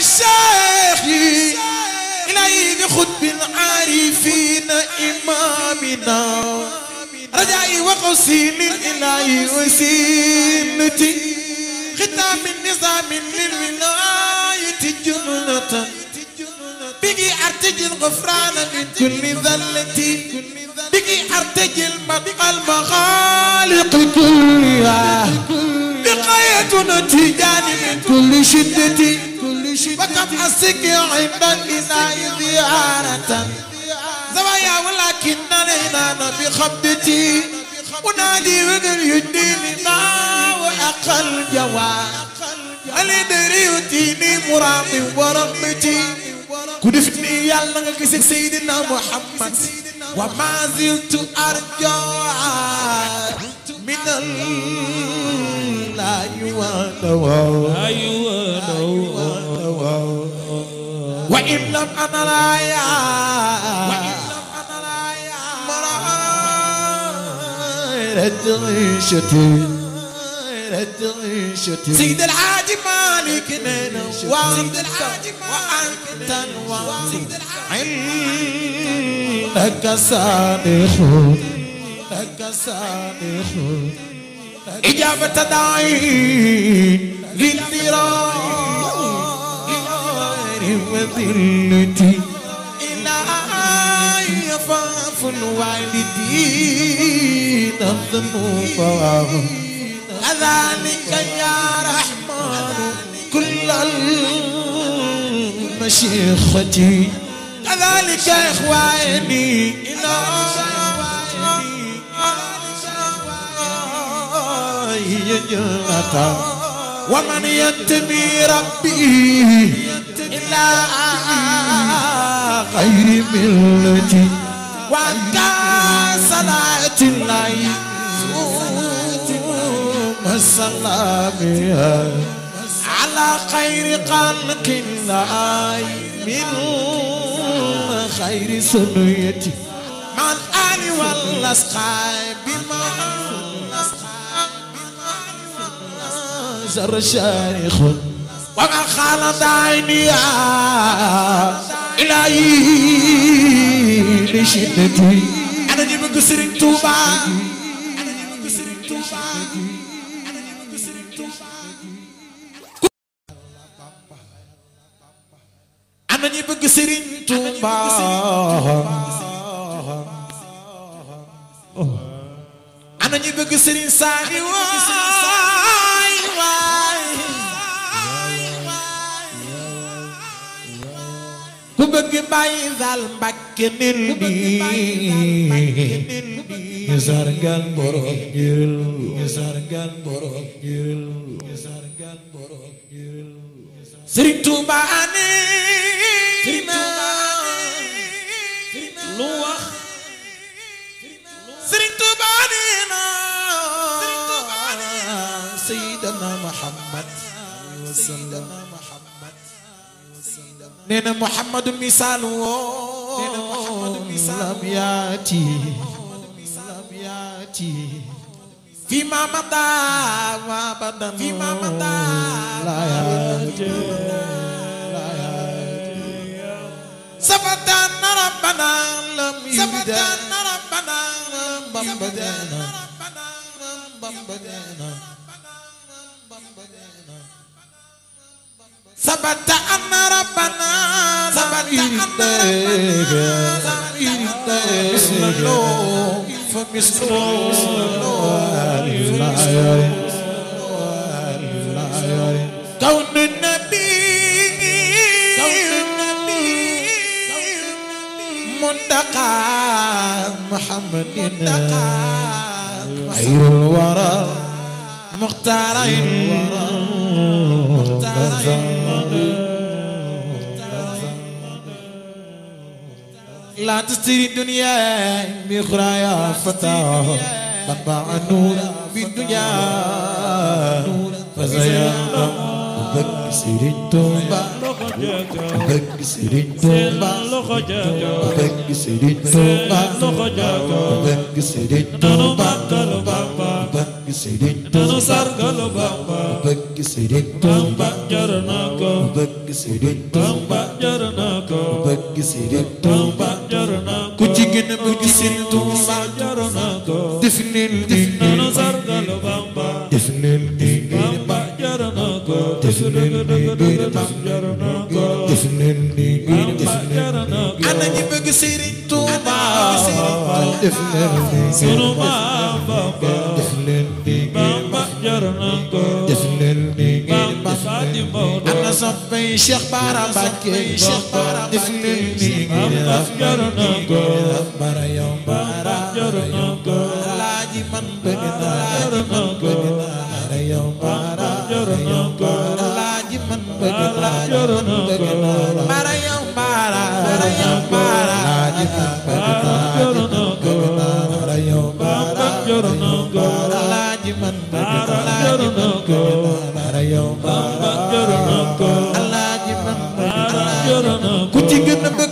الشيخ إليه خد بالعارفين إمامنا رجعي وقصين الإلهي وسينتي ختام النظام للولاية جملة بقي أرتجي الغفران من كل ذلة بقي أرتجي المبقى المخالق كلها بقيتنا تجاني من كل شدتي فكم حسك عند الإناء زيارة زوايا ولكننا بخبتي ونادي وقل يديني ما وأقل جواب علي دري وتيني مرامي ورغبتي كدفتني يلا نغسك سيدنا محمد وما زلت أرجو من الله وحده وإن لم أنا لا يا سيد الحاج مالك وانت وانت مالك عندك صالح لك صادق إجابة داعي للنيران وذلتي إلهي يخاف الوالدين الذنوب أذانك يا رحمن كل المشيختي كذلك إخواني إلهي يا ومن يتبي ربي إلى غير ملتي وأنت صلاة الله وسلامي على خير خلق الله من خير سنيتي مع الآل والأصحاب ما زر شيخ وما خال دعيني إلهي لشدتي أنا دي بقى سرين توبا أنا دي بقى سرين توبا أنا دي بقى سرين توبا أنا دي بقى سرين توبا ana ñi bëgg Serigne Saliou ku bëgg bàyyi Fall Mbàkke nil bi ñu sargal borom jërël ñu sargal borom jërël ñu sargal borom jërël Sëriñ Tuuba ane lu wax Sëriñ Tuuba ane na Sayyidina Muhammad sallallahu nee na Muhammadun misaalu oh. oh. lam yaati lam yaati fi ma madaa wa badan fi ma madaa la yaati la yaati sabatan rabbana lam sabatan rabbana bambadana bambadana bambadana ثبت أن ربنا ثبت أن ربنا مثله فمثله لا يرى كون النبي منتقى محمد خير الورى مختارين لا تستري الدنيا بخرايا فتاة طبع النور في الدنيا فزيانا بك سيرين توبا بك سيرين توبا بك سيرين توبا بك سيرين توبا bëgg Sëriñ Tuuba sargal Bamba bëgg Sëriñ Tuuba jar na ko bëgg Sëriñ Tuuba jar na ko bëgg Sëriñ Tuuba génn bu ci seen Tuuba jaroon na ko def neen def neen sargal Bamba def neen Bamba jaroon na ko def neen jaroon na ko def neen Bamba jaroon na ko ana ñi bëgg Serigne Touba def neen sunu Bamba def neen Bamba jaroon na ko def neen Bamba Fatima ana soppay Cheikh Bara Mbacké def neen Bamba jaroon na ko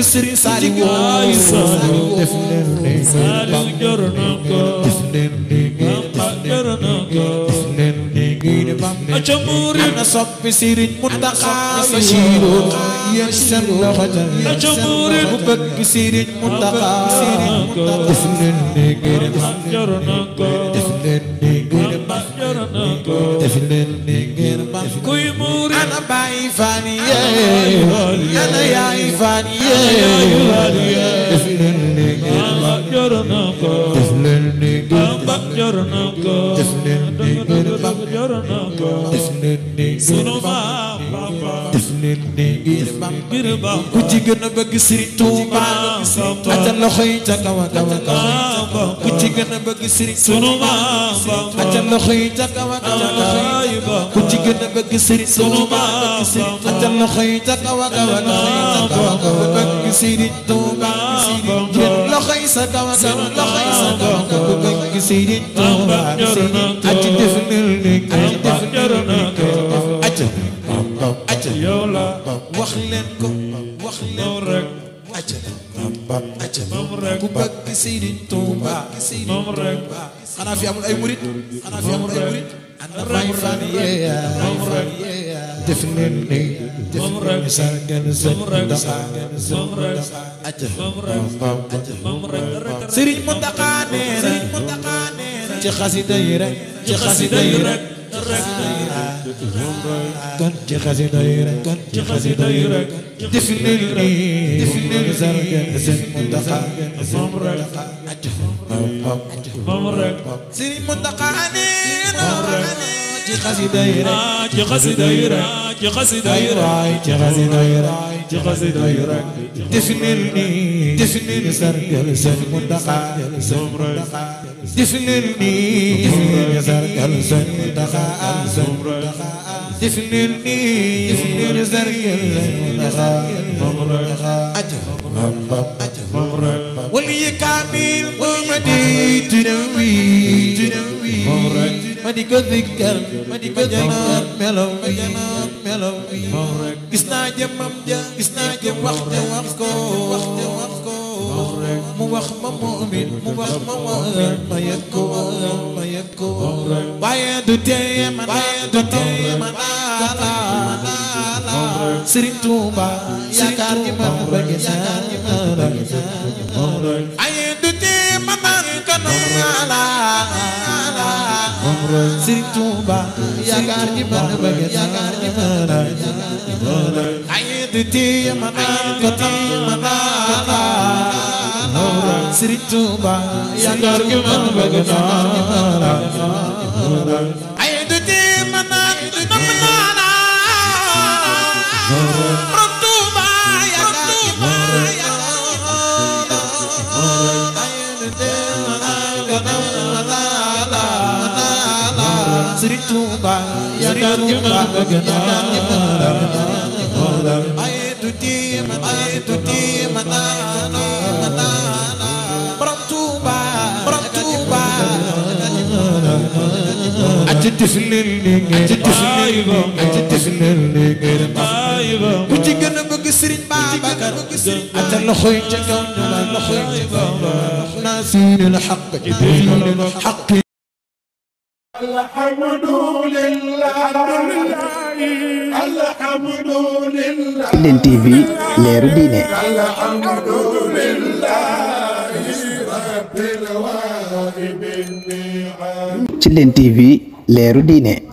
Sëriñ Saliou def leen ca muur yi na soppi sëriñ Muntaxa Basiru yéen seen loxo na ca muur yi bu bëgg sëriñ Muntaxa sëriñ Muntaxa def leen ni gërëm def leen ni gërëm def leen ni gërëm kuy muur ana baay fani yee ana yaay fani yee def leen ni sunu maam Bamba def leen ni ku ci gën a bëgg Serigne Touba aca loxo yi ca kaw a kaw a kaw ku ci gën a bëgg Serigne sunu maam Bamba aca loxo yi ca kaw a kaw a kaw ku ci gën a bëgg Serigne sunu maam Bamba aca loxo yi ca kaw a kaw a kaw bëgg Serigne Touba jël loxo yi sa kaw a kaw loxo yi sa kaw ku bëgg Serigne Touba a ci def leen dara naa ko acca acca yow la wax leen ko wax leen rek acca acca moom rek ku bëgg Sëriñ Tuuba moom rek xanaa fi amul ay murit xanaa fi amul ay murit ana ray fan yee moom rek def leen ni moom rek sàngen seen daxa moom rek acca moom rek Sëriñ Muntaxa nee na ci xasida yi rek ci xasida yi rek rek kon ci xasida yi rek kon ci xasida yi ci xasida yi rek ci xasida yi rek ci xasida yi rek ci xasida yi rek ci def leen nii def leen sargal sëñ Muntaxa def leen nii def leen sargal sëñ Muntaxa aj wali yi kaamil ma di tunawi tunawi ma di ko dikkal ma di ko janaar melaw melaw gis naa jëmmam ja gis naa jëm wax ja wax ko wax ma moomin mu wax ma moomin ma yëg ko ma yëg ko waaye du tee ma waaye du tee ma laala Sëriñ Tuuba yaakaar gi ma bëgg naa aye du tee ma naan ko laala Sëriñ Tuuba yaakaar gi ma bëgg naa aye du tee ma naan ko laala Serigne Touba yaakaar gi man bëgg naa la ay du ci mën naa nam naa la borom Touba yaakaar gi man bëgg naa la ay du ci mën naa la Serigne Touba yaakaar gi man bëgg naa la ay du ci mën naa la tiflil li ngeen ci tiflil li ngeen ci tiflil li ngeen ku ci gën a bëgg Serigne Babacar ata loxoy ca kaw loxoy ca kaw naasiril xaq ci diinul xaq Tilène TV leeru diine Tilène TV Leru Dine.